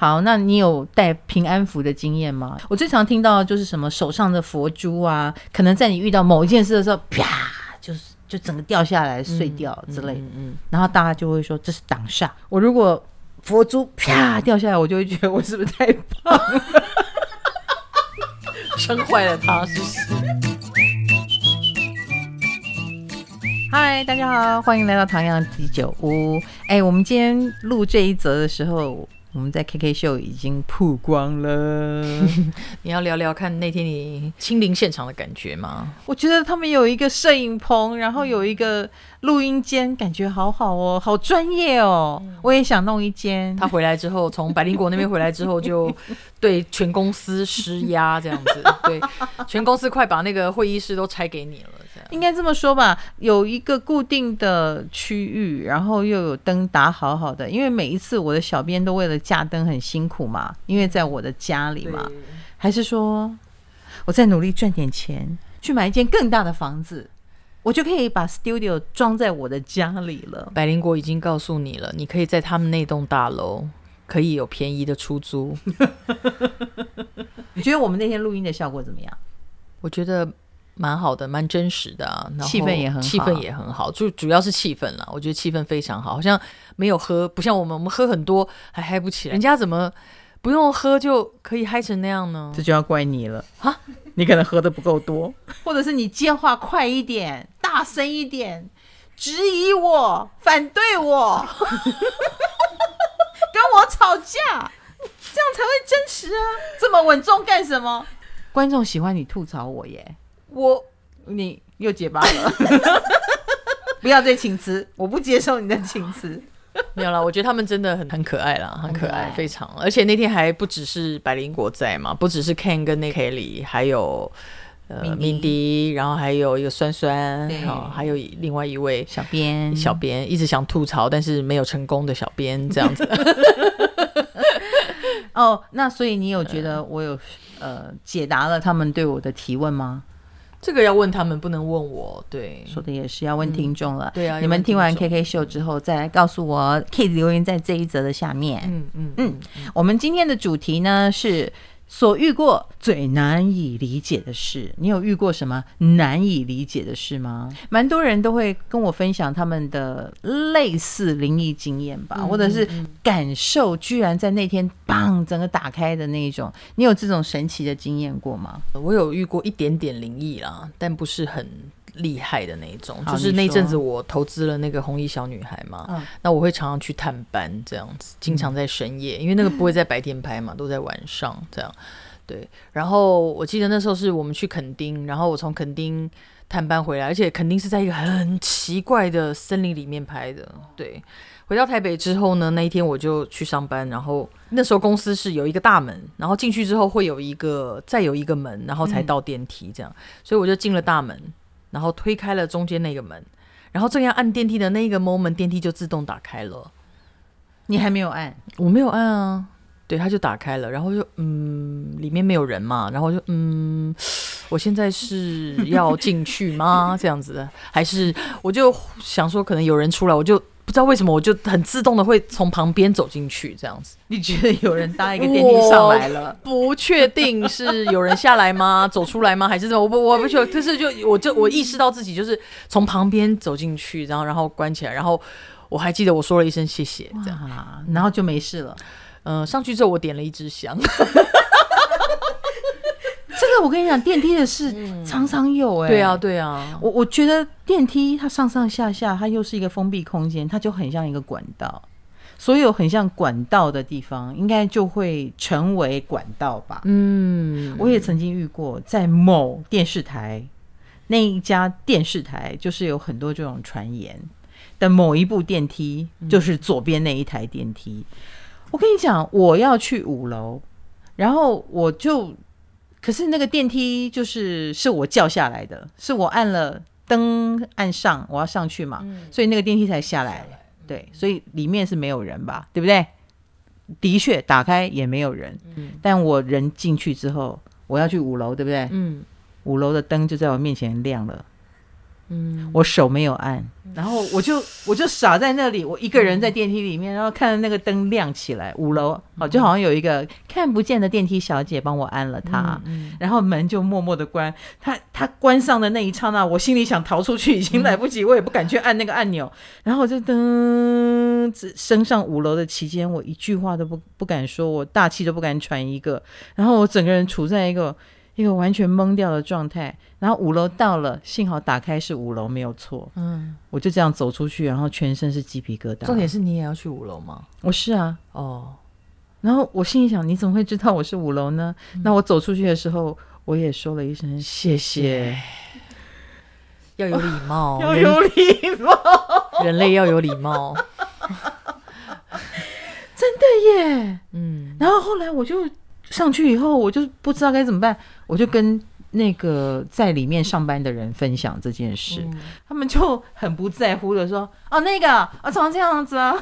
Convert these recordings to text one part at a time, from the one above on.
好，那你有戴平安符的經驗嗎？我最常聽到就是什麼手上的佛珠啊，可能在你遇到某一件事的時候，啪，就是就整個掉下來碎掉之類的嗯。嗯，嗯嗯然後大家就會說這是擋煞。我如果佛珠啪掉下來，我就會覺得我是不是太胖，撐壞 了他。是不是？嗨， 大家好，歡迎來到唐揚啤酒屋。哎，我們今天錄這一則的時候。我們在 K K 秀已經曝光了， 你要聊聊看那天你親臨現場的感覺嗎？我覺得他們有一個攝影棚，然後有一個錄音間，感覺好好哦，好專業哦，我也想弄一間。 他回來之後，從百靈果那邊回來之後，就對全公司施壓，這樣子，對，全公司快把那個會議室都拆給你了。應該這麼說吧，有一個固定的區域，然後又有燈打好好的，因為每一次我的小編都為了架燈很辛苦嘛，因為在我的家裡嘛。對還是說，我再努力賺點錢，去買一間更大的房子，我就可以把 studio 裝在我的家裡了。百靈國已經告訴你了，你可以在他們那棟大樓可以有便宜的出租。 你覺得我們那天錄音的效果怎麼樣？我覺得。蠻好的，蠻真實的，氣氛也很好，氣氛也很好，就主要是氣氛了。我覺得氣氛非常好，好像沒有喝，不像我們，我們喝很多還嗨不起來。人家怎麼不用喝就可以嗨成那樣呢？這就要怪你了哈。 你可能喝得不夠多，或者是你接話快一點，大聲一點，質疑我，反對我， 跟我吵架，這樣才會真實啊！這麼穩重幹什麼？觀眾喜歡你吐槽我耶。我，你又結巴了， 不要再請辭，我不接受你的請辭。沒有啦，我覺得他們真的很很可愛啦，很可愛，很可愛，非常。而且那天還不只是百靈果在嘛，不只是 Ken 跟 Kylie，還有呃敏迪，Minnie Mindy，然後還有一個酸酸，對然後還有另外一位小編，小編編一直想吐槽，但是沒有成功的小編這樣子。 哦，那所以你有覺得我有呃解答了他們對我的提問嗎？這個要問他們，不能問我。對，說的也是，要問聽眾了。對啊，你們聽完 KK 秀之後，再來告訴我，K 的留言在這一則的下面。嗯嗯嗯，嗯、我們今天的主題呢是所遇過最難以理解的事，你有遇過什麼難以理解的事嗎？蠻多人都會跟我分享他們的類似靈異經驗吧，嗯嗯嗯，或者是感受，居然在那天砰，整個打開的那一種，你有這種神奇的經驗過嗎？我有遇過一點點靈異啦，但不是很。厲害的那一種，好就是那陣子我投資了那個紅衣小女孩嘛，嗯、那我會常常去探班，這樣子，經常在深夜，因為那個不會在白天拍嘛，嗯、都在晚上這樣。對，然後我記得那時候是我們去墾丁，然後我從墾丁探班回來，而且墾丁是在一個很奇怪的森林裡面拍的。對，回到台北之後呢，那一天我就去上班，然後那時候公司是有一個大門，然後進去之後會有一個再有一個門，然後才到電梯這樣，嗯、所以我就進了大門。嗯然後推開了中間那個門，然後正要按電梯的那個 moment，電梯就自動打開了。你還沒有按？我沒有按啊。對，他就打開了。然後就嗯，裡面沒有人嘛。然後就嗯，我現在是要進去嗎？ 這樣子的，還是，我就想說，可能有人出來，我就。不知道為什麼，我就很自動的會從旁邊走進去，這樣子。你覺得有人搭一個電梯上來了？我不確定是有人下來嗎？ 走出來嗎？還是什麼？我不，我不就就是就我就我意識到自己就是從旁邊走進去，然後然後關起來，然後我還記得我說了一聲謝謝，這樣，然後就沒事了。嗯、呃，上去之後我點了一支香。 這個我跟你講，電梯的事常常有。哎、欸嗯。對啊，對啊，我我覺得電梯它上上下下，它又是一個封閉空間，它就很像一個管道。所有很像管道的地方，應該就會成為管道吧？嗯，我也曾經遇過，在某電視台那一家電視台，就是有很多這種傳言的某一部電梯，就是左邊那一台電梯。嗯、我跟你講，我要去五樓，然後我就。可是那個電梯就是是我叫下來的，是我按了燈按上，我要上去嘛，嗯，所以那個電梯才下來。下來，嗯，對，所以裡面是沒有人吧？對不對？的確打開也沒有人。嗯，但我人進去之後，我要去五樓，對不對？嗯，五樓的燈就在我面前亮了。嗯，我手沒有按，嗯、然後我就我就傻在那裡，我一個人在電梯裡面，嗯、然後看到那個燈亮起來，五樓，哦、嗯，就好像有一個看不見的電梯小姐幫我按了它，嗯嗯、然後門就默默的關，它它關上的那一剎那，我心裡想逃出去已經來不及，嗯、我也不敢去按那個按鈕，然後我就噔，升上五樓的期間，我一句話都不不敢說，我大氣都不敢喘一個，然後我整個人處在一個。一個完全懵掉的狀態，然後五樓到了，幸好打開是五樓沒有錯，嗯，我就這樣走出去，然後全身是雞皮疙瘩。重點是你也要去五樓嗎？我是啊，哦，然後我心裡想，你怎麼會知道我是五樓呢？那、嗯、我走出去的時候，我也說了一聲謝謝，要有禮貌，啊，要有禮貌，人類要有禮貌， 真的耶，嗯，然後後來我就。上去以後，我就不知道該怎麼辦，我就跟那個在裡面上班的人分享這件事，嗯、他們就很不在乎的說：“哦，那個我常常這樣子啊。”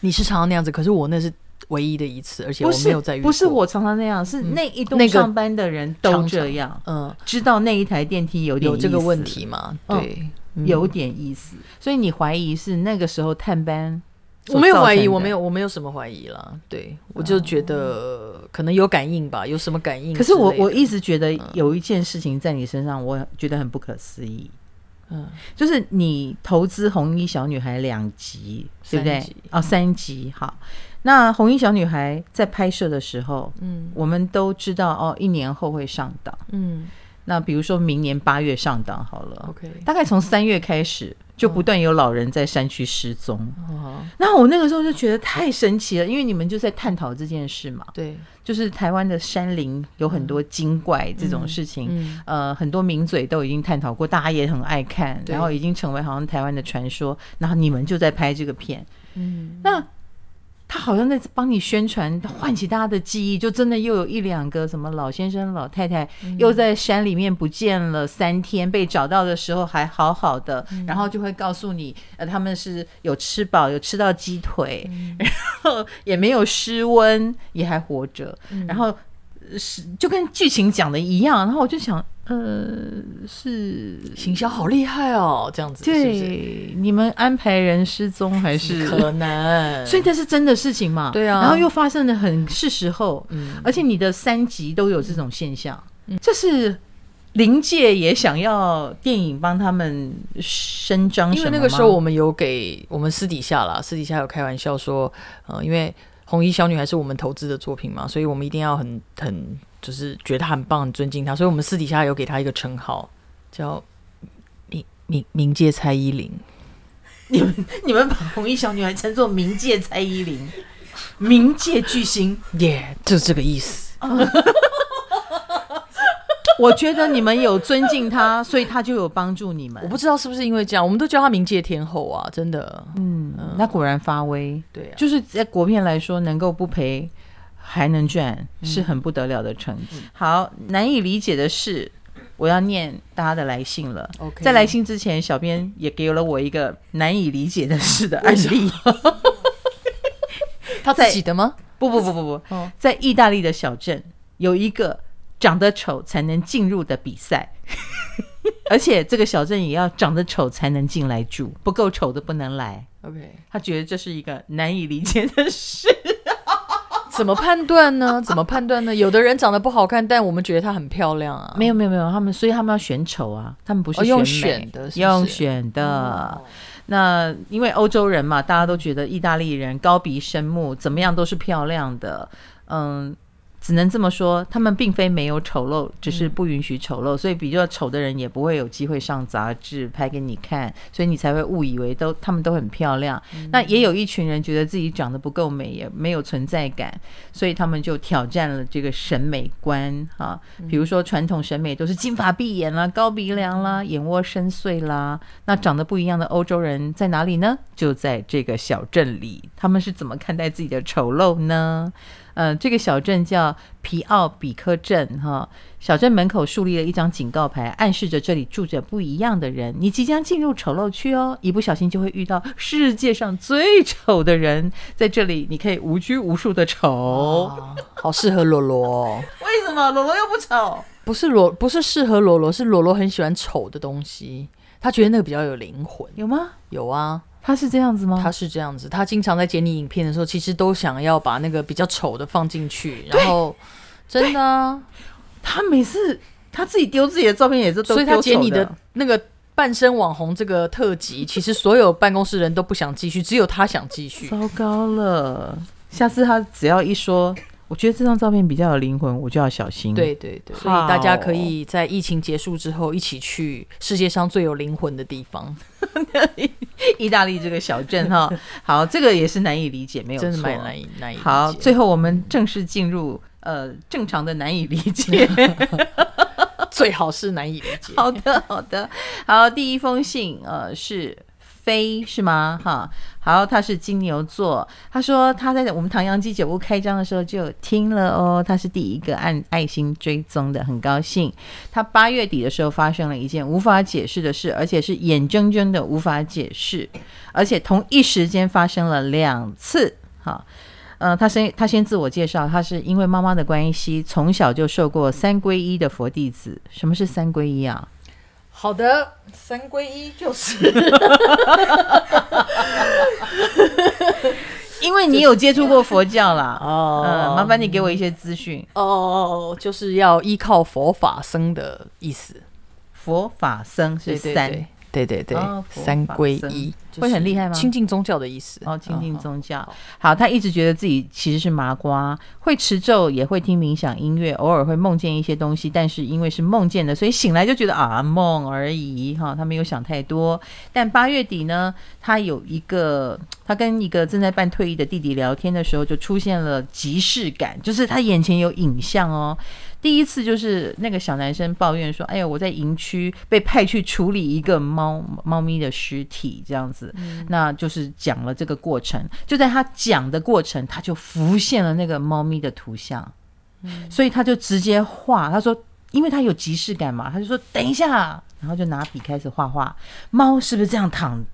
你是常常那樣子，可是我那是唯一的一次，而且我沒有在不，不是我常常那樣，是那一棟上班的人都這樣，嗯，那個常常呃、知道那一台電梯有點有這個，意思這個問題嗎？對，嗯哦、有點意思，嗯、所以你懷疑是那個時候探班。我沒有懷疑，我沒有，我沒有什麼懷疑了。對，我就覺得可能有感應吧，有什麼感應？可是我我一直覺得有一件事情在你身上，我覺得很不可思議。嗯，就是你投資《紅衣小女孩》兩集，對不對？哦，三集。好，那《紅衣小女孩》在拍攝的時候，嗯，我們都知道哦，一年後會上檔。嗯，那比如說明年八月上檔好了。OK，大概從三月開始。就不斷有老人在山區失蹤，哦、那我那個時候就覺得太神奇了，因為你們就在探討這件事嘛。對，就是台灣的山林有很多精怪這種事情，嗯嗯、呃，很多名嘴都已經探討過，大家也很愛看，對然後已經成為好像台灣的傳說，然後你們就在拍這個片。嗯，那。他好像在幫你宣傳，喚起大家的記憶，就真的又有一兩個什麼老先生、老太太，又在山裡面不見了三天，嗯、被找到的時候還好好的，嗯、然後就會告訴你，呃，他們是有吃飽，有吃到雞腿，嗯、然後也沒有失溫，也還活着，嗯、然後是就跟劇情講的一樣，然後我就想。呃，是行銷好厲害哦，這樣子是是。對，你們安排人失蹤還是可能？ 所以這是真的事情嘛？對啊。然後又發生的很是時候，嗯，而且你的三集都有這種現象，嗯、這是靈界也想要電影幫他們伸張，因為那個時候我們有給我們私底下啦，私底下有開玩笑說，呃，因為紅衣小女孩是我們投資的作品嘛，所以我們一定要很很。就是覺得她很棒，很尊敬她，所以我們私底下有給她一個稱號，叫“冥冥冥界蔡依林”你。你們你們把紅衣小女孩稱作“冥界蔡依林”，冥界巨星，耶，yeah，就是這個意思。 我覺得你們有尊敬她，所以她就有幫助你們。我不知道是不是因為這樣，我們都叫她“冥界天后”啊，真的。嗯，呃、那果然發威，對、啊，就是在國片來說能夠不賠。還能賺，是很不得了的成績。嗯嗯、好，難以理解的事，我要念大家的來信了。Okay. 在來信之前，小編也給了我一個難以理解的事的案例。 他在自己的嗎在？不不不不不，哦、在意大利的小鎮有一個長得醜才能進入的比賽， 而且這個小鎮也要長得醜才能進來住，不夠醜的不能來。OK，他覺得這是一個難以理解的事。 怎麼判斷呢？怎麼判斷呢？有的人長得不好看， 但我們覺得她很漂亮啊！沒有沒有沒有，他們所以他們要選醜啊，他們不是選美。是、哦、用選的。那因為歐洲人嘛，大家都覺得意大利人高鼻深目，怎麼樣都是漂亮的。嗯。只能這麼說，他們並非沒有醜陋，只是不允許醜陋，嗯、所以比較醜的人也不會有機會上雜誌拍給你看，所以你才會誤以為都他們都很漂亮。嗯、那也有一群人覺得自己長得不夠美，也沒有存在感，所以他們就挑戰了這個審美觀啊。嗯、比如說傳統審美都是金髮碧眼啦、啊，高鼻梁啦，眼窩深邃啦，那長得不一樣的歐洲人在哪裡呢？就在這個小鎮裡，他們是怎麼看待自己的醜陋呢？嗯、呃，這個小鎮叫皮奧比克鎮哈。小鎮門口樹立了一張警告牌，暗示着這裡住着不一樣的人。你即將進入醜陋區哦，一不小心就會遇到世界上最醜的人。在這裡，你可以無拘無束的醜，好適合羅羅、哦。 為什麼羅羅又不醜？不是羅，不是適合羅羅，是羅羅很喜歡醜的東西，他覺得那個比較有靈魂。有嗎？有啊。他是這樣子嗎？他是這樣子，他經常在剪你影片的時候，其實都想要把那個比較醜的放進去。對然後真的、啊，他每次他自己丟自己的照片也是都，所以他剪你的那個半身網紅這個特輯，其實所有辦公室人都不想繼續，只有他想繼續。糟糕了，下次他只要一說，我覺得這張照片比較有靈魂，我就要小心。對對對，Wow. 所以大家可以，在疫情結束之後，一起去世界上最有靈魂的地方。 意大利這個小鎮哈，好，這個也是難以理解，沒有，真的蠻難以理解。好，最後我們正式進入呃正常的難以理解， 最好是難以理解。 好的，好的，好，第一封信呃是。飛是嗎？哈，好，他是金牛座。他說他在我們唐陽雞酒屋開張的時候就聽了哦，他是第一個按愛心追蹤的，很高興。他八月底的時候發生了一件無法解釋的事，而且是眼睜睜的無法解釋，而且同一時間發生了兩次。哈，嗯、呃，他先他先自我介紹，他是因為媽媽的關係，從小就受過三皈依的佛弟子。什麼是三皈依啊？好的，三歸一就是， 因為你有接觸過佛教啦， 嗯、哦，嗯、麻煩你給我一些資訊哦，就是要依靠佛法僧的意思，佛法僧是三。對對對，對對對，哦、三歸一會很厲害嗎？親近宗教的意思哦，親近宗教。哦、好，他一直覺得自己其實是麻瓜，哦、會持咒，也會聽冥想音樂，嗯、偶爾會夢見一些東西，但是因為是夢見的，所以醒來就覺得啊，夢而已哈、哦，他沒有想太多。但八月底呢，他有一個，他跟一個正在辦退役的弟弟聊天的時候，就出現了即視感，就是他眼前有影像哦。嗯嗯第一次就是那個小男生抱怨說：“哎呀，我在營區被派去處理一個貓貓咪的屍體，這樣子，嗯、那就是講了這個過程。就在他講的過程，他就浮現了那個貓咪的圖像，嗯、所以他就直接畫。他說，因為他有即視感嘛，他就說等一下，然後就拿筆開始畫畫。貓是不是這樣躺？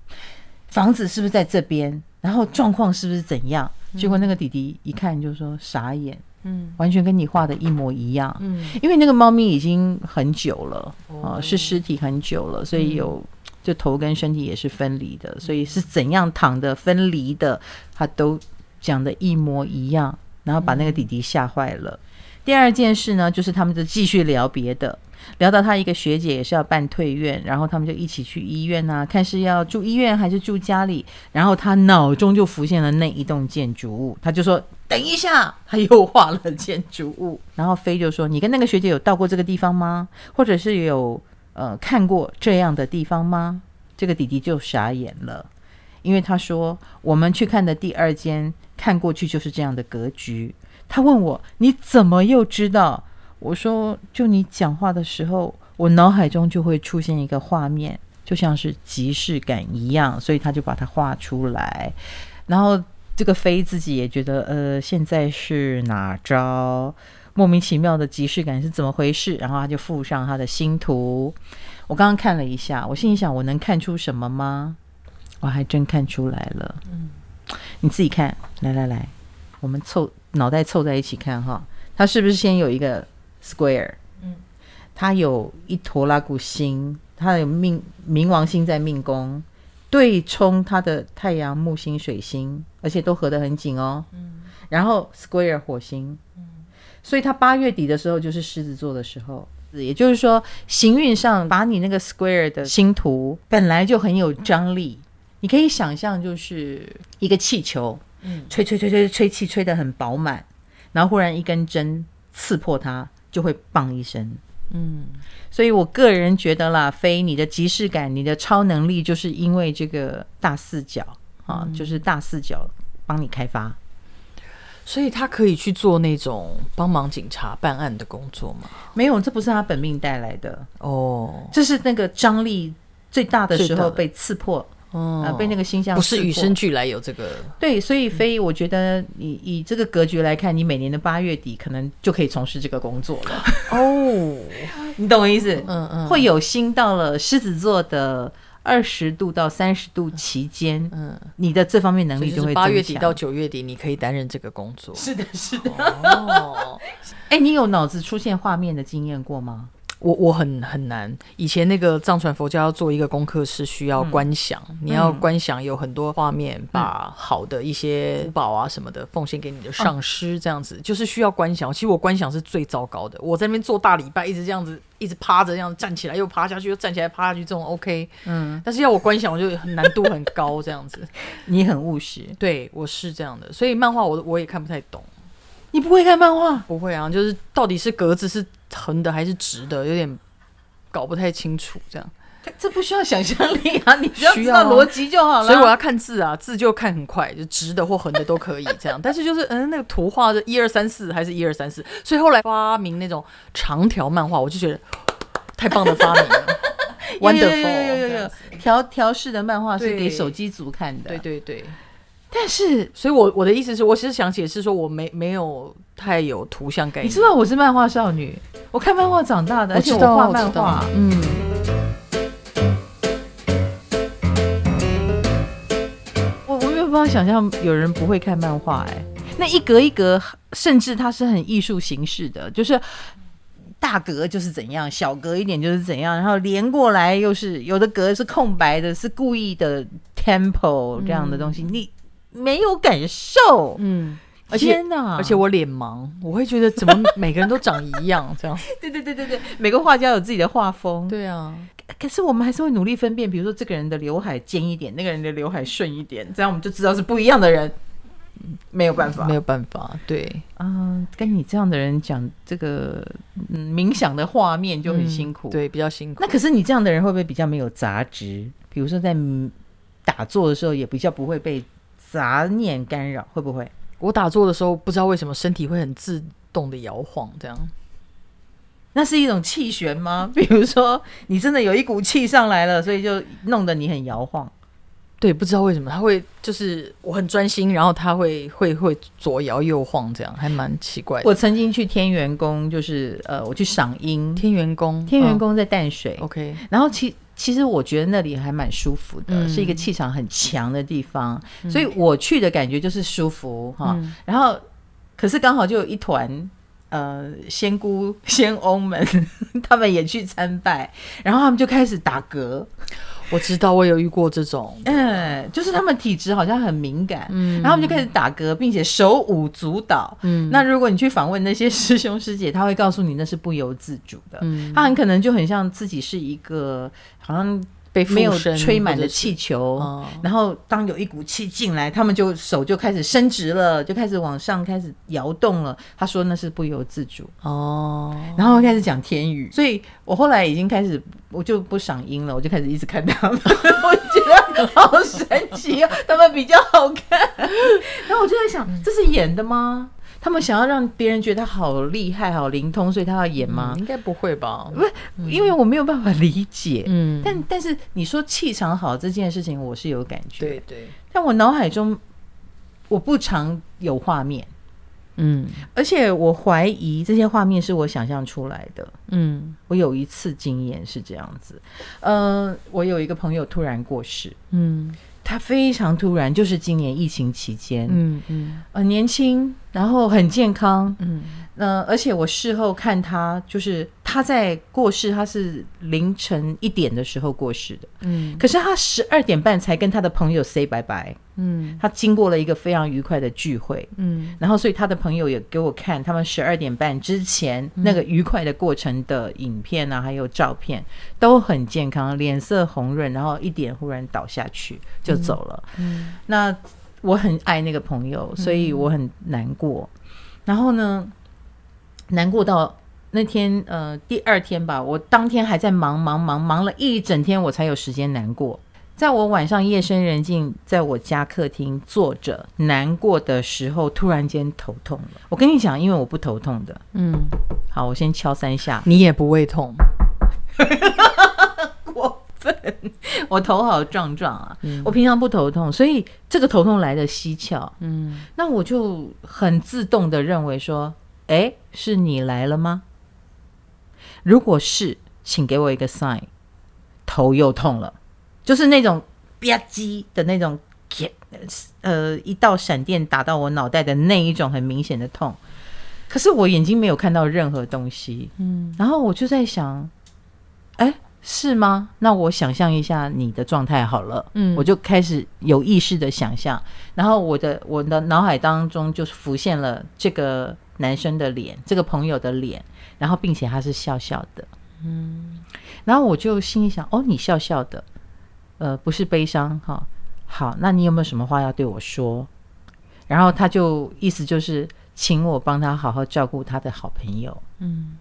房子是不是在這邊？然後狀況是不是怎樣？嗯、結果那個弟弟一看就說傻眼。”嗯，完全跟你畫的一模一樣。嗯，因為那個貓咪已經很久了是屍、嗯呃、屍體很久了，所以有就頭跟身體也是分離的，嗯、所以是怎樣躺的、分離的，它都講的一模一樣，然後把那個弟弟嚇壞了。嗯、第二件事呢，就是他們就繼續聊別的。聊到他一個學姐也是要辦退院，然後他們就一起去醫院啊，看是要住醫院還是住家裡。然後他腦中就浮現了那一棟建築物，他就說：“等一下。”他又畫了建築物。 然後飛就說：“你跟那個學姐有到過這個地方嗎？或者是有呃看過這樣的地方嗎？”這個弟弟就傻眼了，因為他說：“我們去看的第二間，看過去就是這樣的格局。”他問我：“你怎麼又知道？”我說，就你講話的時候，我腦海中就會出現一個畫面，就像是即視感一樣，所以他就把它畫出來。然後這個飛自己也覺得，呃，現在是哪招？莫名其妙的即視感是怎麼回事？然後他就附上他的星圖。我剛剛看了一下，我心裡想，我能看出什麼嗎？我還真看出來了。嗯，你自己看，來來來，我們湊腦袋湊在一起看哈，他是不是先有一個？Square，嗯，它有一坨拉古星，它有命冥王星在命宮對沖它的太陽、木星、水星，而且都合得很緊哦，嗯，然後 Square 火星，所以它八月底的時候就是獅子座的時候，也就是說行運上把你那個 Square 的星圖本來就很有張力，嗯，你可以想象就是一個氣球，吹吹吹吹吹氣吹得很飽滿，然後忽然一根針刺破它。就會棒一聲，嗯，所以我個人覺得啦，飛你的即視感，你的超能力，就是因為這個大四角、嗯、啊，就是大四角幫你開發，所以他可以去做那種幫忙警察辦案的工作嗎？沒有，這不是他本命帶來的哦，這是那個張力最大的時候被刺破。嗯、啊，被那個星象不是與生俱來有這個，對，所以飛，嗯、我覺得你以這個格局來看，你每年的八月底可能就可以從事這個工作了。哦， 你懂我意思？嗯嗯，會有星到了獅子座的二十度到三十度期間，嗯，嗯，你的這方面能力就會八月底到九月底你可以擔任這個工作。是的，是的。哦，哎、 欸，你有腦子出現畫面的經驗過嗎？我我很很難，以前那個藏傳佛教要做一個功課是需要觀想，嗯、你要觀想有很多畫面，嗯、把好的一些寶啊什麼的奉獻給你的上師，這樣子、啊、就是需要觀想。其實我觀想是最糟糕的，我在那邊做大禮拜，一直這樣子，一直趴着，這樣子站起來又趴下去，又站起來趴下去，這種 OK。嗯，但是要我觀想，我就很難度很高，這樣子。 你很務實，對，我是這樣的，所以漫畫我我也看不太懂。你不會看漫畫？不會啊，就是到底是格子是。橫的還是直的，有點搞不太清楚。這樣，這不需要想象力啊，你需要邏輯就好了啊。所以我要看字啊，字就看很快，就直的或橫的都可以這樣。 但是就是，嗯，那個圖畫是一二三四，還是一二三四？所以後來發明那種長條漫畫，我就覺得 太棒的發明了，Wonderful。條條式的漫畫是給手機族看的。對，對對對。但是，所以我，我我的意思是，我其實想解釋說，我沒沒有太有圖像感。你知道我是漫畫少女，我看漫畫長大的，啊、而且我畫漫畫、啊。嗯，我我沒有辦法想象有人不會看漫畫哎、欸，那一格一格，甚至它是很藝術形式的，就是大格就是怎樣，小格一點就是怎樣，然後連過來又是有的格是空白的，是故意的 tempo 這樣的東西，嗯、你。沒有感受，嗯，天哪，而且，而且我臉盲，我會覺得怎麼每個人都長一樣 這樣？對對對對對，每個畫家有自己的畫風，對啊。可是我們還是會努力分辨，比如說這個人的劉海尖一點，那個人的劉海順一點，這樣我們就知道是不一樣的人。沒有辦法，嗯、沒有辦法，對啊、嗯。跟你這樣的人講這個、嗯、冥想的畫面就很辛苦，嗯、對，比較辛苦。那可是你這樣的人會不會比較沒有雜質？比如說在打坐的時候，也比較不會被。雜念干擾，會不會？我打坐的時候不知道為什麼身體會很自動的搖晃，這樣，那是一種氣旋嗎？比如說你真的有一股氣上來了，所以就弄得你很搖晃。 對，不知道為什麼他會，就是我很專心，然後他會會會左搖右晃，這樣還蠻奇怪的。我曾經去天元宮，就是呃，我去賞櫻。天元宮，嗯、天元宮在淡水。OK，然後其。其實我覺得那裡還蠻舒服的，嗯、是一個氣場很強的地方，嗯、所以我去的感覺就是舒服哈。嗯、然後，可是剛好就有一團呃仙姑仙翁們， 他們也去參拜，然後他們就開始打嗝。我知道，我有遇過這種，嗯，就是他們體質好像很敏感，嗯，然後他們就開始打嗝，並且手舞足蹈，嗯，那如果你去訪問那些師兄師姐，他會告訴你那是不由自主的，嗯，他很可能就很像自己是一個好像。被沒有吹滿的氣球，哦、然後當有一股氣進來，他們就手就開始伸直了，就開始往上開始搖動了。他說那是不由自主哦，然後開始講天語，所以我後來已經開始，我就不賞音了，我就開始一直看到他們， 我覺得好神奇哦、啊，他們比較好看。然後我就在想，這是演的嗎？他們想要讓別人覺得他好厲害、好靈通，所以他要演嗎？嗯、應該不會吧？不，因為我沒有辦法理解。嗯，但但是你說氣場好這件事情，我是有感覺。對，對對，但我腦海中我不常有畫面。嗯，而且我懷疑這些畫面是我想象出來的。嗯，我有一次經驗是這樣子。嗯、呃，我有一個朋友突然過世。嗯。他非常突然，就是今年疫情期間，嗯。嗯嗯，呃，年輕，然後很健康。嗯。嗯、呃，而且我事後看他，就是他在過世，他是凌晨一點的時候過世的，嗯，可是他十二點半才跟他的朋友 say 拜拜，嗯，他經過了一個非常愉快的聚會，嗯，然後所以他的朋友也給我看他們十二點半之前那個愉快的過程的影片啊，嗯，還有照片都很健康，臉色紅潤，然後一點忽然倒下去就走了，嗯，嗯那我很愛那個朋友，所以我很難過，嗯、然後呢，難過到那天，呃，第二天吧，我當天還在忙忙忙忙了一整天，我才有時間難過。在我晚上夜深人靜，在我家客廳坐着難過的時候，突然間頭痛了。我跟你講，因為我不頭痛的，嗯，好，我先敲三下，你也不會痛， 過分， 我頭好壯壯啊，嗯、我平常不頭痛，所以這個頭痛來的蹊蹺，嗯，那我就很自動的認為說。哎，是你來了嗎？如果是，請給我一個 sign。頭又痛了，就是那種吧唧的那種，呃，一道閃電打到我腦袋的那一種很明顯的痛。可是我眼睛沒有看到任何東西，嗯。然後我就在想，哎，是嗎？那我想象一下你的狀態好了，嗯。我就開始有意識的想象，然後我的我的腦海當中就浮現了這個。男生的臉，這個朋友的臉，然後並且他是笑笑的，嗯，然後我就心裡想，哦，你笑笑的，呃，不是悲傷哈、哦，好，那你有沒有什麼話要對我說？嗯、然後他就意思就是請我幫他好好照顧他的好朋友，嗯，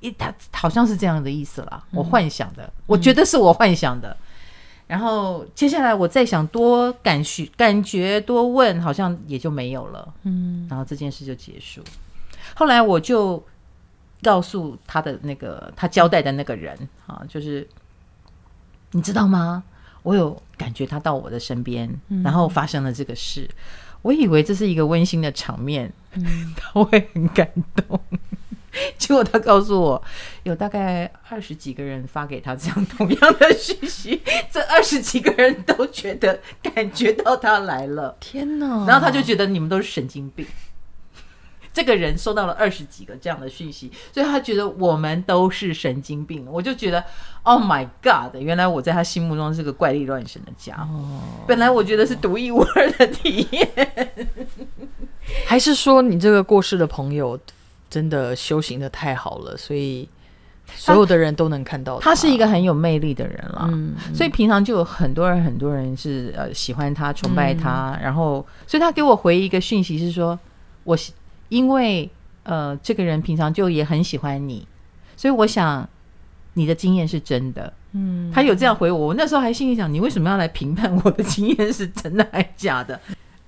一他好像是這樣的意思啦。嗯、我幻想的，我覺得是我幻想的，嗯、然後接下來我再想多感許感覺多問，好像也就沒有了，嗯，然後這件事就結束。後來我就告訴他的那個他交代的那個人啊，就是你知道嗎？我有感覺他到我的身邊，嗯、然後發生了這個事。我以為這是一個溫馨的場面，嗯、他會很感動。 結果他告訴我，有大概二十幾個人發給他這樣同樣的訊息， 這二十幾個人都覺得感覺到他來了。天哪！然後他就覺得你們都是神經病。這個人收到了二十幾個這樣的訊息，所以他覺得我們都是神經病。我就覺得，Oh my God！原來我在他心目中是個怪力亂神的家伙。哦、本來我覺得是獨一無二的體驗，還是說你這個過世的朋友真的修行得太好了，所以所有的人都能看到他他。他是一個很有魅力的人啦。嗯、所以平常就有很多人，很多人是呃喜歡他、崇拜他。嗯、然後，所以他給我回一個訊息是說，我。因為呃，這個人平常就也很喜歡你，所以我想你的經驗是真的。嗯，他有這樣回我，我那時候還心裡想，你為什麼要來評判我的經驗是真的還是假的？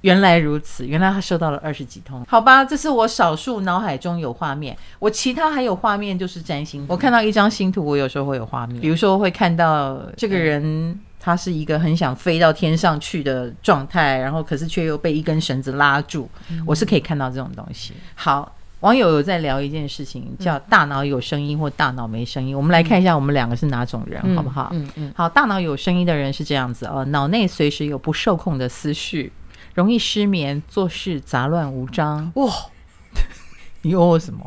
原來如此，原來他收到了二十幾通。好吧，這是我少數腦海中有畫面，我其他還有畫面就是占星，我看到一張星圖，我有時候會有畫面，比如說會看到這個人。嗯他是一個很想飛到天上去的狀態，然後可是卻又被一根繩子拉住。嗯、我是可以看到這種東西。好，網友有在聊一件事情，叫大腦有聲音或大腦沒聲音。我們來看一下，我們兩個是哪種人，嗯、好不好？嗯嗯。嗯好，大腦有聲音的人是這樣子哦，腦內隨時有不受控的思緒，容易失眠，做事雜亂無章。哇、哦，你問我什麼？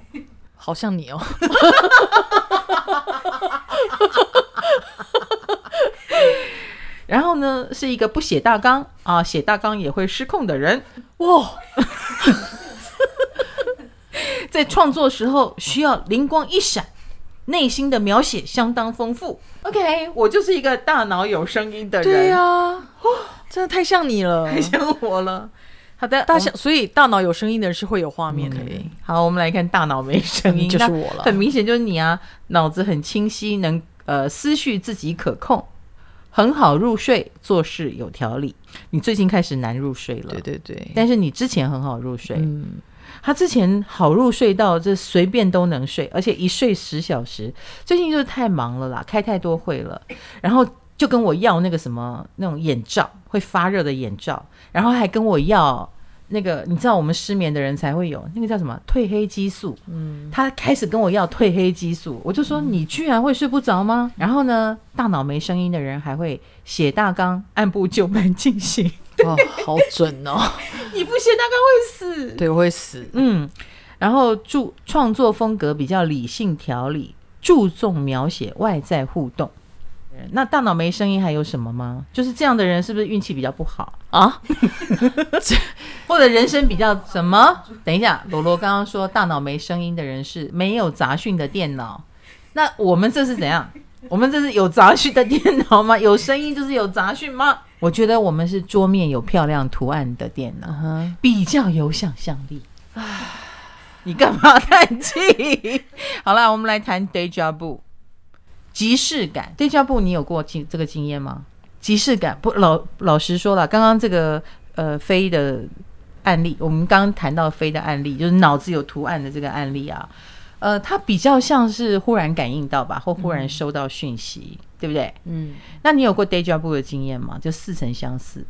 好像你哦。 然後呢，是一個不寫大綱啊，寫大綱也會失控的人哇！ 在創作時候需要靈光一閃，內心的描寫相當豐富。OK，我就是一個大腦有聲音的人。對呀、啊哦，真的太像你了，太像我了。好的，大象、哦，所以大腦有聲音的人是會有畫面的。Okay. 好，我們來看大腦沒聲音，嗯、就是我了。很明顯就是你啊，腦子很清晰，能呃思緒自己可控。很好入睡，做事有條理。你最近開始難入睡了，對對對。但是你之前很好入睡，嗯對，他之前好入睡到這，隨便都能睡，而且一睡十小時。最近就是太忙了啦，開太多會了，然後就跟我要那個什麼那種眼罩，會發熱的眼罩，然後還跟我要。那個你知道，我們失眠的人才會有那個叫什麼褪黑激素。嗯，他開始跟我要褪黑激素，我就說你居然會睡不着嗎？嗯、然後呢，大腦沒聲音的人還會寫大綱，按部就班進行。哦，好準哦！ 你不寫大綱會死。對，會死。嗯，然後注創作風格比較理性、條理，注重描寫外在互動。那大腦沒聲音還有什麼嗎？就是這樣的人是不是運氣比較不好啊？ 或者人生比較什麼？等一下，羅羅剛剛說大腦沒聲音的人是沒有雜訊的電腦。那我們這是怎樣？我們這是有雜訊的電腦嗎？有聲音就是有雜訊嗎？我覺得我們是桌面有漂亮圖案的電腦，uh-huh, 比較有想象力。 你幹嘛嘆氣？好啦，我們來談 Day Job。即視感 déjà vu 你有過經這個經驗嗎？即視感不老老實說啦，剛剛這個呃飛的案例，我們剛剛談到飛的，的案例，就是腦子有圖案的這個案例啊，呃，它比較像是忽然感應到吧，或忽然收到訊息，嗯、對不對？嗯，那你有過 déjà vu 的經驗嗎？就似曾相似，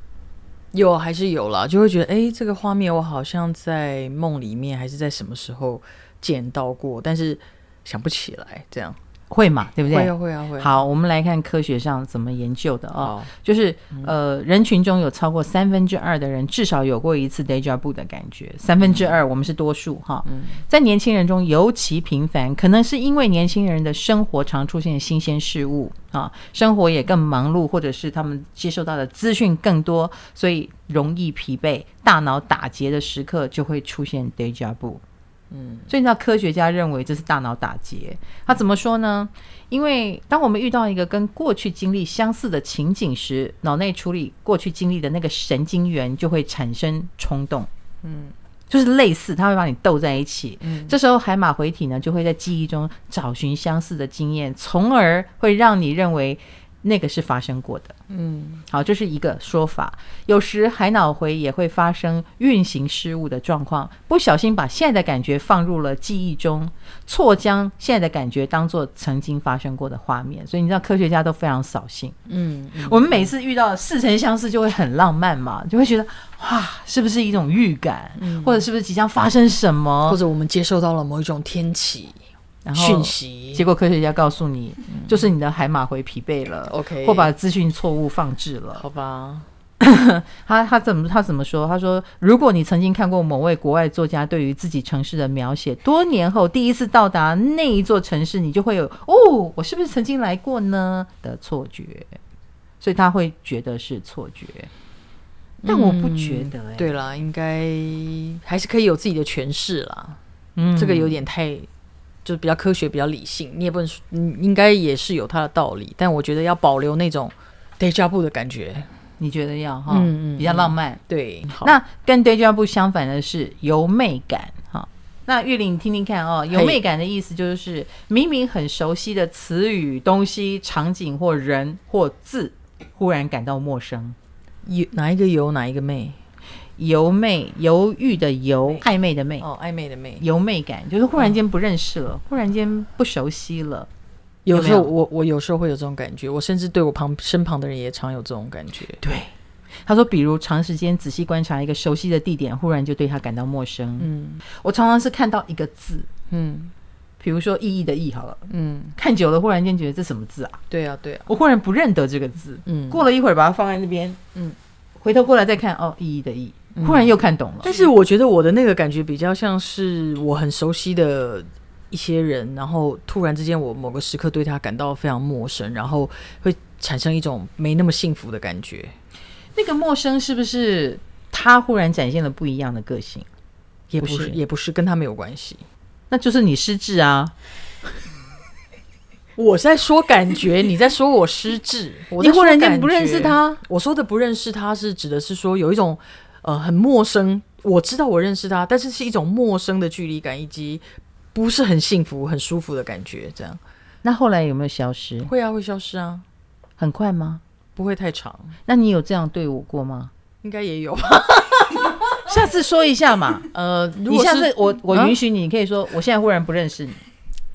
有還是有啦，就會覺得哎，這個畫面我好像在夢裡面，還是在什麼時候見到過，但是想不起來，這樣。會嘛，對不對？會啊，會，啊會啊，會啊，會。好，我們來看科學上怎麼研究的哦，哦，就是呃，嗯、人群中有超過三分之二的人至少有過一次 deja vu 的感覺，三分之二，我們是多數、嗯、哈。在年輕人中尤其頻繁，可能是因為年輕人的生活常出現新鮮事物啊，生活也更忙碌，或者是他們接受到的資訊更多，所以容易疲憊，大腦打結的時刻就會出現 deja vu 嗯，所以，你知道科學家認為這是大腦打結。他怎麼說呢？因為當我們遇到一個跟過去經歷相似的情景時，腦內處理過去經歷的那個神經元就會產生衝動。嗯，就是類似，他會把你鬥在一起。嗯，這時候海馬回體呢，就會在記憶中找尋相似的經驗，從而會讓你認為。那個是發生過的，嗯，好，這、就是一個說法。有時海腦回也會發生運行失誤的狀況，不小心把現在的感覺放入了記憶中，錯將現在的感覺當作曾經發生過的畫面。所以你知道，科學家都非常掃興。嗯，嗯，我們每次遇到似曾相識，就會很浪漫嘛，就會覺得哇，是不是一種預感，嗯、或者是不是即將發生什麼，或者我們接受到了某一種天啟。然後訊息，結果科學家告訴你，嗯、就是你的海馬回疲憊了，OK，或把資訊錯誤放置了，好吧？ 他他怎麼他怎麼說？他說，如果你曾經看過某位國外作家對於自己城市的描寫，多年後第一次到達那一座城市，你就會有“哦，我是不是曾經來過呢”的錯覺，所以他會覺得是錯覺，嗯、但我不覺得、欸。對啦，應該還是可以有自己的詮釋啦。嗯，這個有點太……就是比較科學，比較理性，你也不能說，應該也是有它的道理。但我覺得要保留那種 deja vu 的感覺，你覺得要哈、哦嗯？嗯嗯，比較浪漫。嗯、對，那跟 deja vu 相反的是由媚感哈。哦、那玉玲，你聽聽看哦，由媚感的意思就是有明明很熟悉的詞語、東西、場景或人或字，忽然感到陌生。有哪一個由哪一個媚？猶昧，猶豫的猶，曖昧的昧。哦，曖昧的昧，猶昧感就是忽然間不認識了，忽然間不熟悉了。有時候我我有時候會有這種感覺，我甚至對我旁身旁的人也常有這種感覺。對，他說，比如長時間仔細觀察一個熟悉的地點，忽然就對他感到陌生。嗯，我常常是看到一個字，嗯，比如說“意義”的“意”好了，嗯，看久了，忽然間覺得這什麼字啊？對啊，對啊，我忽然不認得這個字。嗯，過了一會兒把它放在那邊，嗯，回頭過來再看，哦，“意義”的“意”。忽然又看懂了，嗯，但是我覺得我的那個感覺比較像是我很熟悉的一些人，然後突然之間我某個時刻對他感到非常陌生，然後會產生一種沒那麼幸福的感覺。那個陌生是不是他忽然展現了不一樣的個性？也不是，不是，也不是，跟他沒有關係，那就是你失智啊！ 我在說感覺， 你在說我失智，你忽然間不認識他。我說的不認識他是指的是說有一種。呃，很陌生。我知道我認識他，但是是一種陌生的距離感，以及不是很幸福、很舒服的感覺。這樣，那後來有沒有消失？會啊，會消失啊，很快嗎？不會太長。那你有這樣對我過嗎？應該也有。 下次說一下嘛。 呃，你下次我、如果是、我允許你，你可以說我現在忽然不認識你。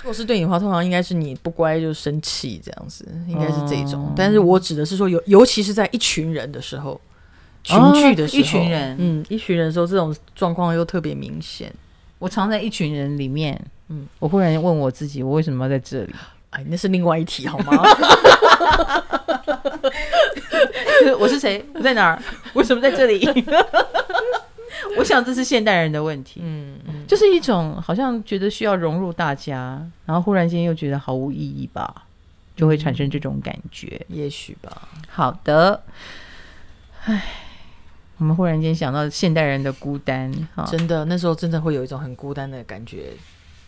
如果是對你的話，通常應該是你不乖就生氣這樣子，應該是這種。嗯、但是我指的是說，尤尤其是在一群人的時候。群聚的時候，哦、一群人，嗯，一群人的時候，這種狀況又特別明顯。我常在一群人裡面，嗯，我忽然問我自己，我為什麼要在這裡？哎，那是另外一題，好嗎？ 我是誰？我在哪兒？為什麼在這裡？我想這是現代人的問題，嗯，嗯就是一種好像覺得需要融入大家，然後忽然間又覺得毫無意義吧，就會產生這種感覺，也許吧。好的，哎我們忽然間想到現代人的孤單，真的，那時候真的會有一種很孤單的感覺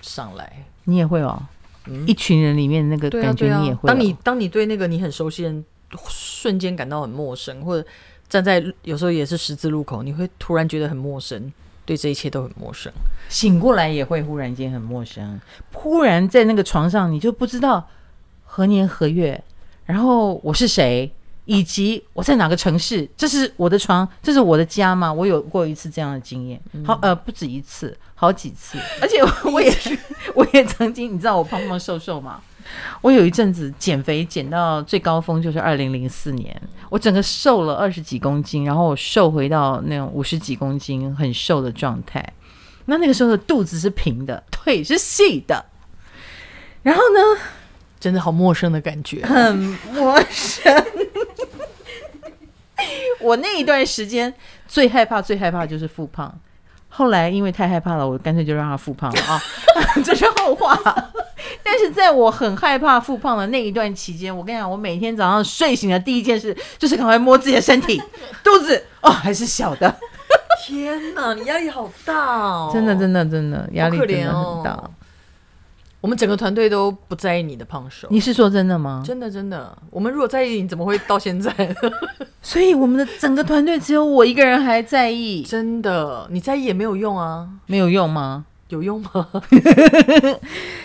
上來。你也會哦，嗯、一群人裡面那個感覺，你也會哦，對啊對啊。當你當你對那個你很熟悉人瞬間感到很陌生，或者站在有時候也是十字路口，你會突然覺得很陌生，對這一切都很陌生。醒過來也會忽然間很陌生，忽然在那個床上，你就不知道何年何月，然後我是誰。以及我在哪個城市？這是我的床，這是我的家嗎？我有過一次這樣的經驗，嗯、好呃，不止一次，好幾次，而且我，一直我也我也曾經，你知道我胖胖瘦瘦嗎？我有一陣子減肥減到最高峰，就是二零零四年，我整個瘦了二十幾公斤，然後我瘦回到那種五十幾公斤很瘦的狀態。那那個時候的肚子是平的，腿是細的，然後呢，真的好陌生的感覺，哦，很陌生。我那一段時間最害怕、最害怕，最害怕就是復胖，後來因為太害怕了，我乾脆就讓他復胖了啊，這 是後話。但是在我很害怕復胖的那一段期間，我跟你講，我每天早上睡醒的第一件事就是趕快摸自己的身體，肚子哦還是小的， 天哪，你壓力好大哦！真的真的真的壓力真的很大。 我們整個團隊都不在意你的胖瘦，你是說真的嗎？真的真的，我們如果在意，你怎麼會到現在？ 所以我們的整個團隊只有我一個人還在意， 真的，你在意也沒有用啊，沒有用嗎？有用嗎？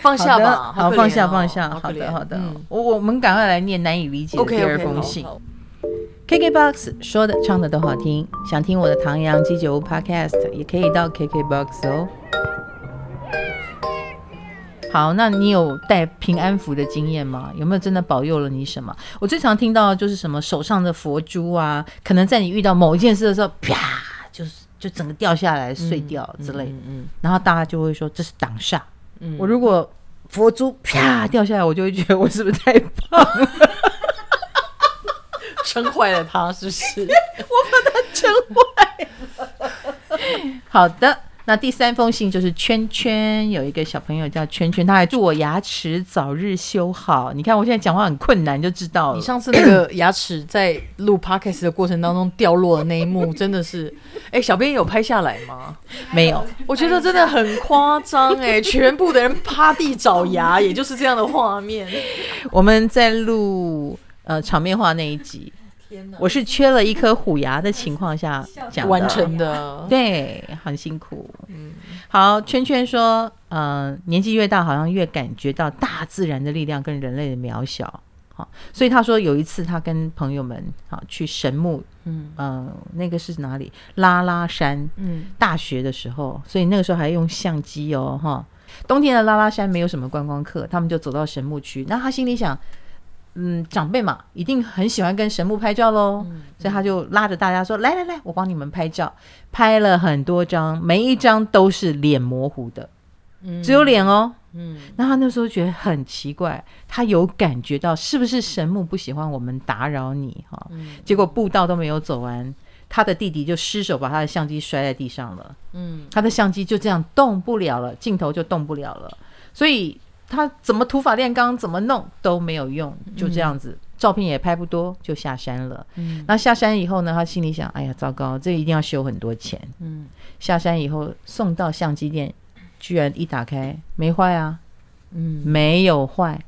放下吧，好，放下放下，好，好的好的，嗯、我我們趕快來念難以理解的第二封信。KKBOX、okay, okay, 說的唱的都好聽，想聽我的唐陽雞酒屋 Podcast 也可以到 KKBOX 哦。好，那你有帶平安符的經驗嗎？有沒有真的保佑了你什麼？我最常聽到就是什麼手上的佛珠啊，可能在你遇到某一件事的時候，啪，就是就整個掉下來碎掉之類的。的、嗯。嗯，嗯然後大家就會說這是擋煞。嗯、我如果佛珠啪掉下來，我就會覺得我是不是太胖了，撐壞 了它？是不是？ 我把它撐壞了。 好的。那第三封信就是圈圈，有一個小朋友叫圈圈，他還祝我牙齒早日修好。你看我現在講話很困難，就知道了。你上次那個牙齒在錄 podcast 的過程當中掉落的那一幕，真的是，哎、 欸，小編有拍下來嗎？有沒有，我覺得真的很誇張哎， 全部的人趴地找牙， 也就是這樣的畫面。我們在錄呃場面話那一集。我是缺了一顆虎牙的情況下講完成的，對，很辛苦。嗯，好，圈圈說，嗯、呃，年紀越大，好像越感覺到大自然的力量跟人類的渺小。好、哦，嗯、所以他說有一次他跟朋友們好、哦、去神木，嗯、呃，那個是哪裡？拉拉山。嗯，大學的時候，嗯、所以那個時候還用相機哦，哈、哦，冬天的拉拉山沒有什麼觀光客，他們就走到神木區，那他心裡想。嗯，長輩嘛，一定很喜歡跟神木拍照嘍，嗯嗯、所以他就拉着大家說：“來來來，我幫你們拍照。”拍了很多張，每一張都是臉模糊的，嗯、只有臉哦。嗯，那他那時候覺得很奇怪，他有感覺到是不是神木不喜歡我們打擾你哈？哦嗯、結果步道都沒有走完，他的弟弟就失手把他的相機摔在地上了。嗯，他的相機就這樣動不了了，鏡頭就動不了了，所以。他怎麼土法煉鋼，怎麼弄都沒有用，就這樣子，嗯、照片也拍不多，就下山了。嗯，那下山以後呢，他心裡想：哎呀，糟糕，這一定要修很多錢。嗯，下山以後送到相機店，居然一打開沒壞啊，嗯，沒有壞，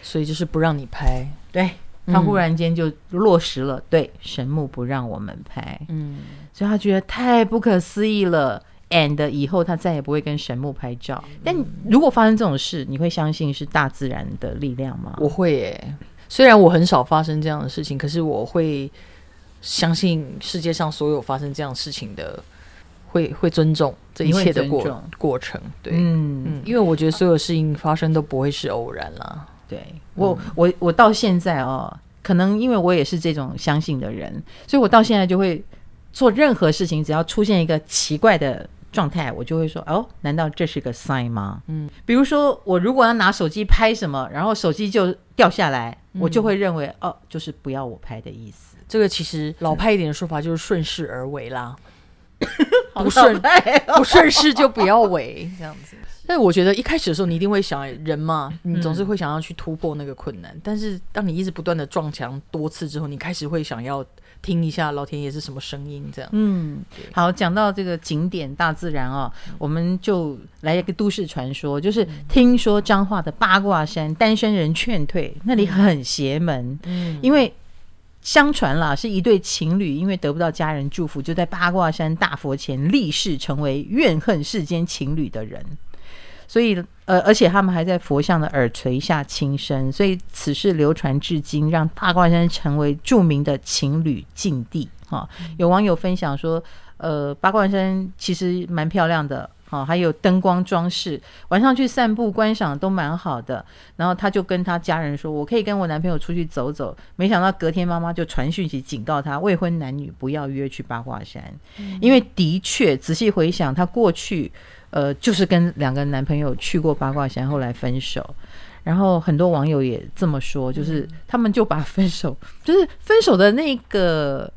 所以就是不讓你拍。對，他忽然間就落實了，嗯、對神木不讓我們拍。嗯，所以他覺得太不可思議了。And 以後他再也不會跟神木拍照。嗯、但如果發生這種事，你會相信是大自然的力量嗎？我會耶、欸，雖然我很少發生這樣的事情，可是我會相信世界上所有發生這樣事情的，會會尊重這一切的過，過程。過程對，嗯，因為我覺得所有事情發生都不會是偶然啦。對我，嗯、我我到現在啊、哦，可能因為我也是這種相信的人，所以我到現在就會做任何事情，只要出現一個奇怪的狀態，我就會說哦，難道這是個 sign 嗎？嗯，比如說我如果要拿手機拍什麼，然後手機就掉下來，嗯、我就會認為哦，就是不要我拍的意思。這個其實老派一點的說法就是順勢而為啦，是不順,、哦、不,順不順勢就不要為 這樣子。但是我覺得一開始的時候，你一定會想人嘛，你總是會想要去突破那個困難。嗯、但是當你一直不斷的撞牆多次之後，你開始會想要。聽一下老天爺是什麼聲音，這樣。嗯，好，講到這個景點，大自然哦，我們就來一個都市傳說，就是聽說彰化的八卦山，單身人勸退，那裡很邪門。嗯，因為相傳啦，是一對情侶，因為得不到家人祝福，就在八卦山大佛前立誓，成為怨恨世間情侶的人。所以，呃，而且他們還在佛像的耳垂下輕生，所以此事流傳至今，讓八卦山成為著名的情侶禁地。哈、哦，有網友分享說，呃，八卦山其實蠻漂亮的，哈、哦，還有燈光裝飾，晚上去散步觀賞都蠻好的。然後他就跟他家人說：“我可以跟我男朋友出去走走。”沒想到隔天媽媽就傳訊息警告他：未婚男女不要約去八卦山，嗯、因為的確仔細回想，他過去。呃，就是跟兩個男朋友去過八卦山，後來分手，然後很多網友也這麼說，就是他們就把分手，嗯、就是分手的那個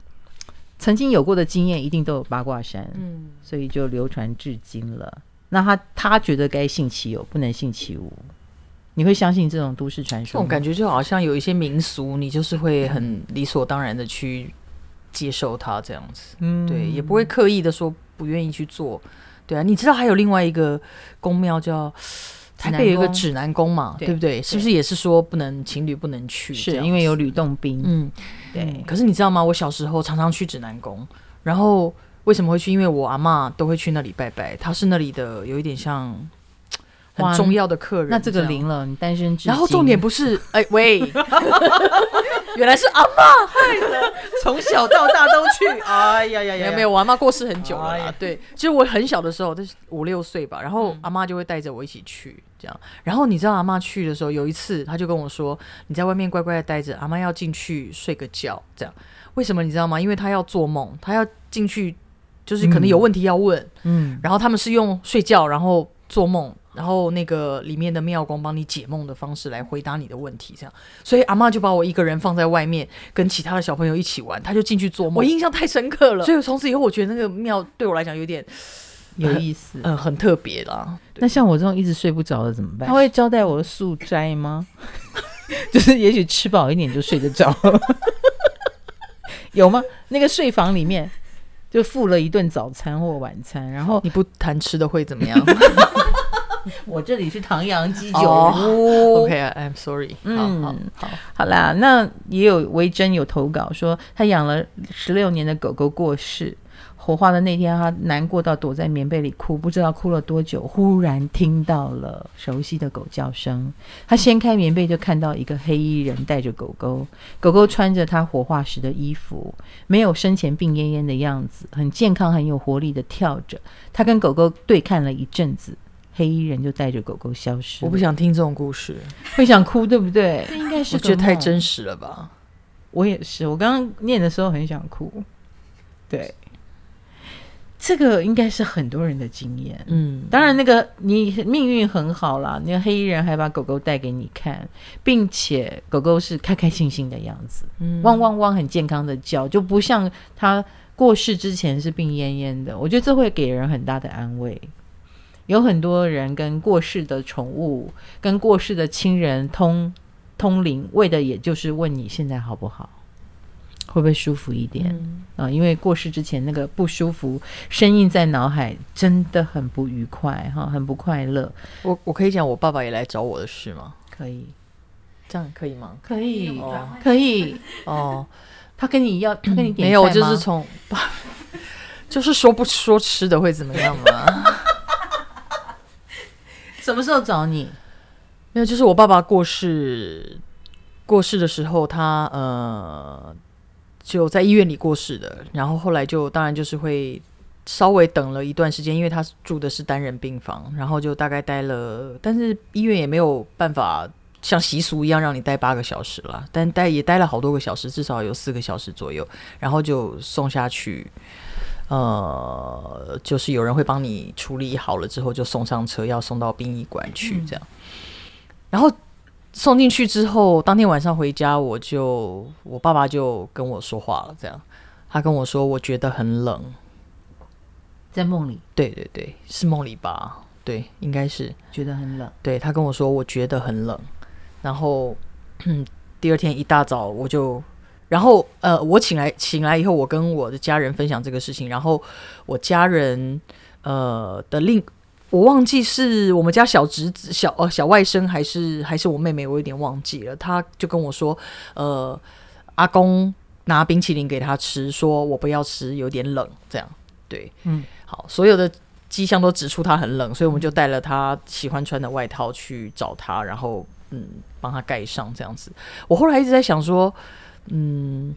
曾經有過的經驗，一定都有八卦山，嗯，所以就流傳至今了。那他他覺得該信其有，不能信其無，你會相信這種都市傳說？這種感覺就好像有一些民俗，你就是會很理所當然的去接受他這樣子，嗯，對，也不會刻意的說不願意去做。對啊，你知道還有另外一個宮廟叫台北，宮台北有一個指南宮嘛，對，對不對？是不是也是說不能情侶不能去？是因為有呂洞賓。嗯，對。可是你知道嗎？我小時候常常去指南宮，然後為什麼會去？因為我阿嬤都會去那裡拜拜，她是那裡的有一點像很重要的客人，那這個靈了，樣你單身。然後重點不是，哎、欸、喂， 原來是阿嬤害的，從 小到大都去，哎呀呀呀，沒有，我阿嬤過世很久了。Oh、yeah. 對，其實我很小的時候，就是五六歲吧，然後阿嬤就會帶着我一起去，這樣。然後你知道阿嬤去的時候，有一次她就跟我說：“你在外面乖乖的待着，阿嬤要進去睡個覺。”這樣為什麼你知道嗎？因為她要做夢，她要進去，就是可能有問題要問。嗯，然後他們是用睡覺，然後做夢。然後那個裡面的廟公幫你解夢的方式來回答你的問題，這樣，所以阿嬤就把我一個人放在外面，跟其他的小朋友一起玩，他就進去做夢。我印象太深刻了，所以從此以後我覺得那個廟對我來講有點有意思，嗯、呃呃，很特別啦。對那像我這種一直睡不着的怎麼辦？他會交代我的素齋嗎？ 就是也許吃飽一點就睡得着， 有嗎？那個睡房裡面就附了一頓早餐或晚餐，然後你不談吃的會怎麼樣？ 我這裡是唐陽雞酒屋、oh, OK，I'm、okay, sorry 嗯。嗯，好，好，好啦，那也有維珍有投稿說，他養了十六年的狗狗過世，火化的那天，他難過到躲在棉被裡哭，不知道哭了多久，忽然聽到了熟悉的狗叫聲，他掀開棉被就看到一個黑衣人帶着狗狗，狗狗穿着他火化時的衣服，沒有生前病懨懨的樣子，很健康，很有活力的跳着，他跟狗狗對看了一陣子。黑衣人就帶着狗狗消失。我不想聽這種故事， 會想哭，對不對？這應該是我覺得太真實了吧。我也是，我剛剛念的時候很想哭。對，這個應該是很多人的經驗。嗯，當然，那個你命運很好啦，那個黑衣人還把狗狗帶給你看，並且狗狗是開開心心的樣子，嗯、汪汪汪，很健康的叫，就不像他過世之前是病懨懨的。我覺得這會給人很大的安慰。有很多人跟過世的寵物、跟過世的親人通通靈，為的也就是問你現在好不好，會不會舒服一點、嗯、啊？因為過世之前那個不舒服深印在腦海，真的很不愉快哈、啊，很不快樂。我我可以講我爸爸也來找我的事嗎？可以，這樣可以嗎？可以，哦、可以哦。 他跟你要，他跟你點菜嗎？沒有，我就是從，就是說不說吃的會怎麼樣嗎、啊？ 什麼時候找你？沒有，就是我爸爸過世，過世的時候他，他呃就在醫院裡過世的。然後後來就，當然就是會稍微等了一段時間，因為他住的是單人病房，然後就大概待了，但是醫院也沒有辦法像習俗一樣讓你待八個小時了，但待也待了好多個小時，至少有四個小時左右，然後就送下去。呃，就是有人會幫你處理好了之後，就送上車，要送到殯儀館去這樣。嗯、然後送進去之後，當天晚上回家，我就我爸爸就跟我說話了，這樣。他跟我說，我覺得很冷，在夢裡。對對對，是夢裡吧？對，應該是覺得很冷。對，他跟我說，我覺得很冷。然後第二天一大早，我就。然後呃，我請來請來以後，我跟我的家人分享這個事情。然後我家人呃的另，我忘記是我們家小侄子小呃小外甥還是還是我妹妹，我有點忘記了。他就跟我說，呃，阿公拿冰淇淋給他吃，說我不要吃，有點冷，這樣。對，嗯，好，所有的跡象都指出他很冷，所以我們就帶了他喜歡穿的外套去找他，然後嗯幫他蓋上這樣子。我後來一直在想說。嗯，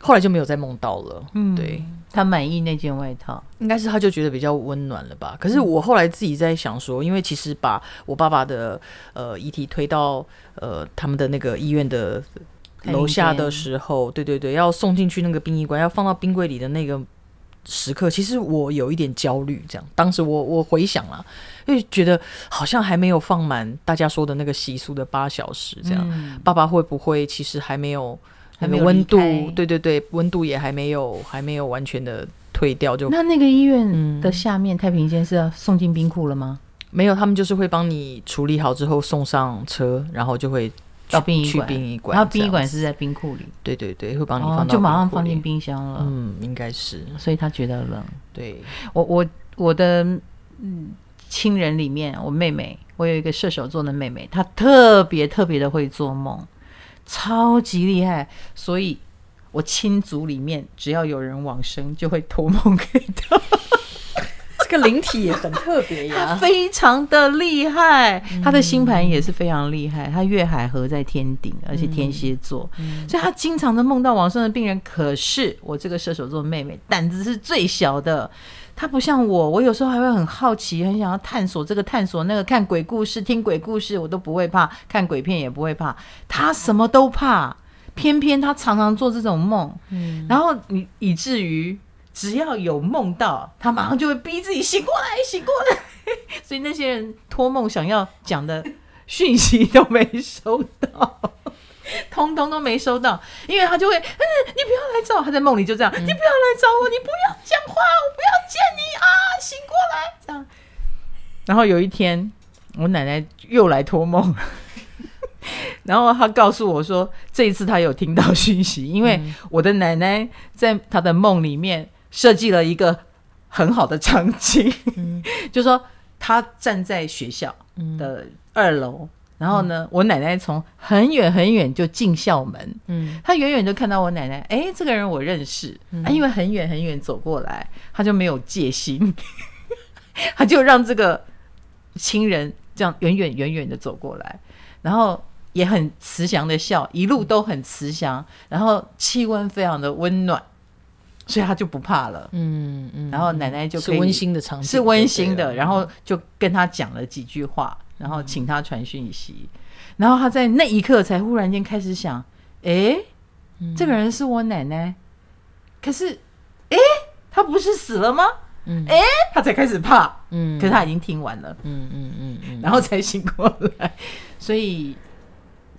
後來就沒有再夢到了。嗯，對，他滿意那件外套，應該是他就覺得比較溫暖了吧？可是我後來自己在想說，嗯、因為其實把我爸爸的呃遺體推到呃他們的那個醫院的樓下的時候，天天對對對，要送進去那個殯儀館，要放到冰櫃裡的那個時刻，其實我有一點焦慮。這樣，當時我我回想了，就覺得好像還沒有放滿大家說的那個習俗的八小時，這樣、嗯、爸爸會不會其實還沒有。還沒溫度對對對，溫度也還沒有還沒有完全的退掉就。那那個醫院的下面、嗯、太平間是要、啊、送進冰庫了嗎？沒有，他們就是會幫你處理好之後送上車，然後就會去到殯儀館。殯儀館，然後殯儀館是在冰庫裡。對對對，會幫你放到、哦、就馬上放進冰箱了。嗯，應該是。所以他覺得冷。對我我我的嗯親人裡面，我妹妹，我有一個射手座的妹妹，她特別特別的會做夢。超級厲害，所以我親族裡面只要有人往生，就會託夢給他。 個靈體也很特別呀， 他非常的厲害。他的星盤也是非常厲害，他月海合在天頂，而且天蠍座，嗯、所以他經常的夢到往生的病人。可是我這個射手座妹妹膽子是最小的，她不像我，我有時候還會很好奇，很想要探索這個、探索那個，看鬼故事、聽鬼故事，我都不會怕，看鬼片也不會怕。他什麼都怕，偏偏他常常做這種夢，嗯、然後你以至於。只要有夢到，他馬上就會逼自己醒過來，醒過來。 所以那些人托夢想要講的訊息都沒收到， 通通都沒收到，因為他就會嗯，你不要來找我，他在夢裡就這樣，嗯、你不要來找我，你不要講話，我不要見你啊，醒過來這樣。然後有一天，我奶奶又來托夢， 然後她告訴我說，這一次她有聽到訊息，因為我的奶奶在她的夢裡面。設計了一個很好的場景，嗯， 就說他站在學校的二樓，嗯、然後呢，嗯、我奶奶從很遠很遠就進校門，嗯，他遠遠就看到我奶奶，哎、欸，這個人我認識，嗯啊、因為很遠很遠走過來，他就沒有戒心， 他就讓這個親人這樣遠遠遠遠的走過來，然後也很慈祥的笑，一路都很慈祥，嗯、然後氣溫非常的溫暖。所以他就不怕了，嗯嗯，嗯然後奶奶就溫馨的場景是溫馨的，啊、然後就跟他講了幾句話，然後請他傳訊息，然後他在那一刻才忽然間開始想，哎、欸，嗯、這個人是我奶奶，可是，哎、欸，他不是死了嗎？哎、嗯欸，他才開始怕，嗯，可是他已經聽完了，嗯嗯嗯，嗯嗯嗯嗯然後才醒過來，所以。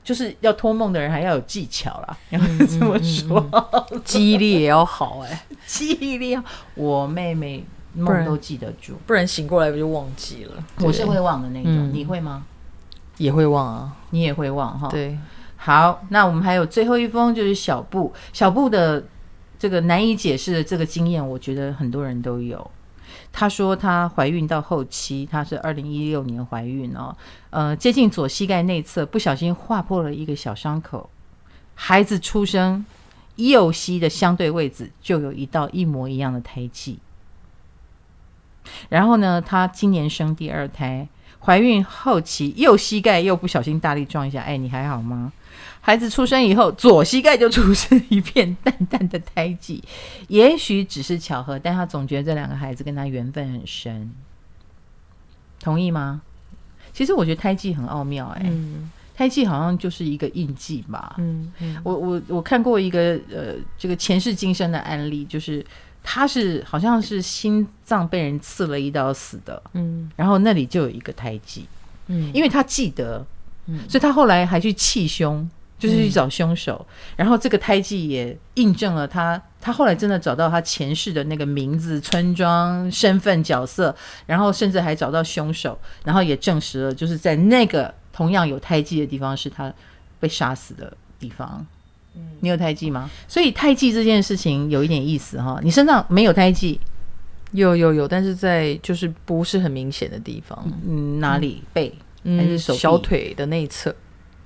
就是要託夢的人還要有技巧啦，要、嗯、 這麼說、嗯嗯嗯，記憶力也要好哎、欸， 記憶力要，我妹妹夢都記得住，不然醒過來不就忘記了？我是會忘的那種，嗯、你會嗎？也會忘啊，你也會忘哈。對，好，那我們還有最後一封，就是小布，小布的這個難以解釋的這個經驗，我覺得很多人都有。她說，她懷孕到後期，她是二零一六年懷孕哦，呃，接近左膝蓋內側不小心劃破了一個小傷口，孩子出生右膝的相對位置就有一道一模一樣的胎記，然後呢，她今年生第二胎，懷孕後期右膝蓋又不小心大力撞一下，哎，你還好嗎？孩子出生以後，左膝蓋就出生一片淡淡的胎記，也許只是巧合，但他總覺得這兩個孩子跟他緣分很深，同意嗎？其實我覺得胎記很奧妙、欸，哎，嗯，胎記好像就是一個印記吧，嗯，嗯，我我我看過一個呃，這個前世今生的案例，就是他是好像是心臟被人刺了一刀死的，嗯，然後那裡就有一個胎記，嗯，因為他記得，嗯，所以他後來還去氣胸。就是去找兇手，嗯、然後這個胎記也印證了他，他後來真的找到他前世的那個名字、村莊、身份、角色，然後甚至還找到兇手，然後也證實了，就是在那個同樣有胎記的地方是他被殺死的地方。嗯，你有胎記嗎？所以胎記這件事情有一點意思哈，你身上沒有胎記？有有有，但是在就是不是很明顯的地方。嗯，哪裡？背、嗯、還是手臂小腿的內側？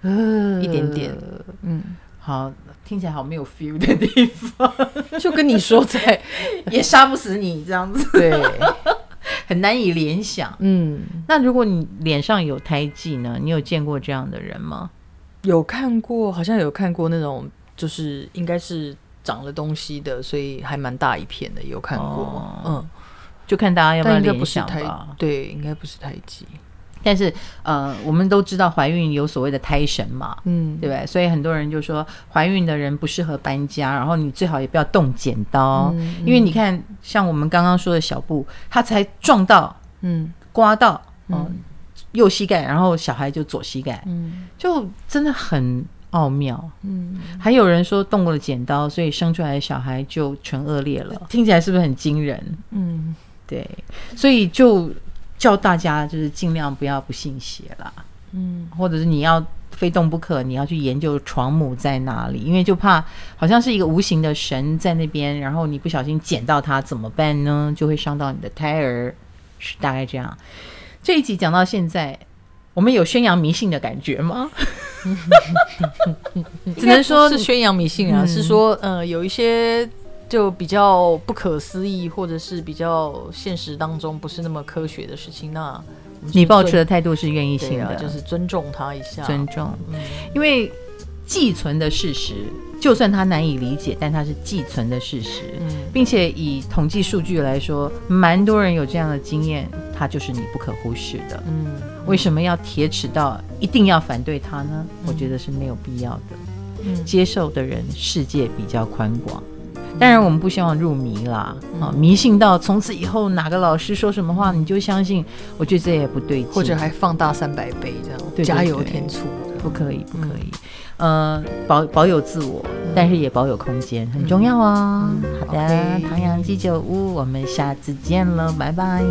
呃，uh, 一點點，嗯，好，聽起來好沒有 feel 的地方，就跟你說再 也殺不死你這樣子，對， 很難以聯想。嗯，那如果你臉上有胎記呢？你有見過這樣的人嗎？有看過，好像有看過那種，就是應該是長了東西的，所以還蠻大一片的，有看過嗎？Oh, 嗯，就看大家要不要聯想吧。對，應該不是胎記。但是，呃，我們都知道懷孕有所謂的胎神嘛，嗯，對不對？所以很多人就說，懷孕的人不適合搬家，然後你最好也不要動剪刀，嗯、因為你看，嗯、像我們剛剛說的小布，他才撞到，嗯，刮到，呃、嗯，右膝蓋，然後小孩就左膝蓋，嗯，就真的很奧妙，嗯。還有人說動過了剪刀，所以生出來的小孩就唇顎裂了，對聽起來是不是很驚人？嗯，對，所以就。叫大家就是盡量不要不信邪啦，嗯，或者是你要非動不可，你要去研究床母在哪裡，因為就怕好像是一個無形的神在那邊，然後你不小心撿到它怎麼辦呢？就會傷到你的胎兒，是大概這樣。這一集講到現在，我們有宣揚迷信的感覺嗎？只能說，是宣揚迷信啊，嗯、是說，呃，有一些。就比較不可思議，或者是比較現實當中不是那麼科學的事情。那你抱持的態度是願意信的，啊，就是尊重他一下，尊重。嗯、因為既存的事實，就算他難以理解，但他是既存的事實，嗯、並且以統計數據來說，蠻多人有這樣的經驗，他就是你不可忽視的。嗯，為什麼要鐵齒到一定要反對他呢？嗯、我覺得是沒有必要的。嗯，接受的人世界比較寬廣。當然，我們不希望入迷啦。嗯、啊！迷信到從此以後哪個老師說什麼話你就相信，嗯、我覺得這也不對勁，或者還放大三百倍這樣，對對對對加油添醋，不可以，不可以。嗯、呃，保保有自我，嗯、但是也保有空間，嗯、很重要啊、哦。嗯、好的，Okay 唐陽雞酒屋，我們下次見了，拜拜。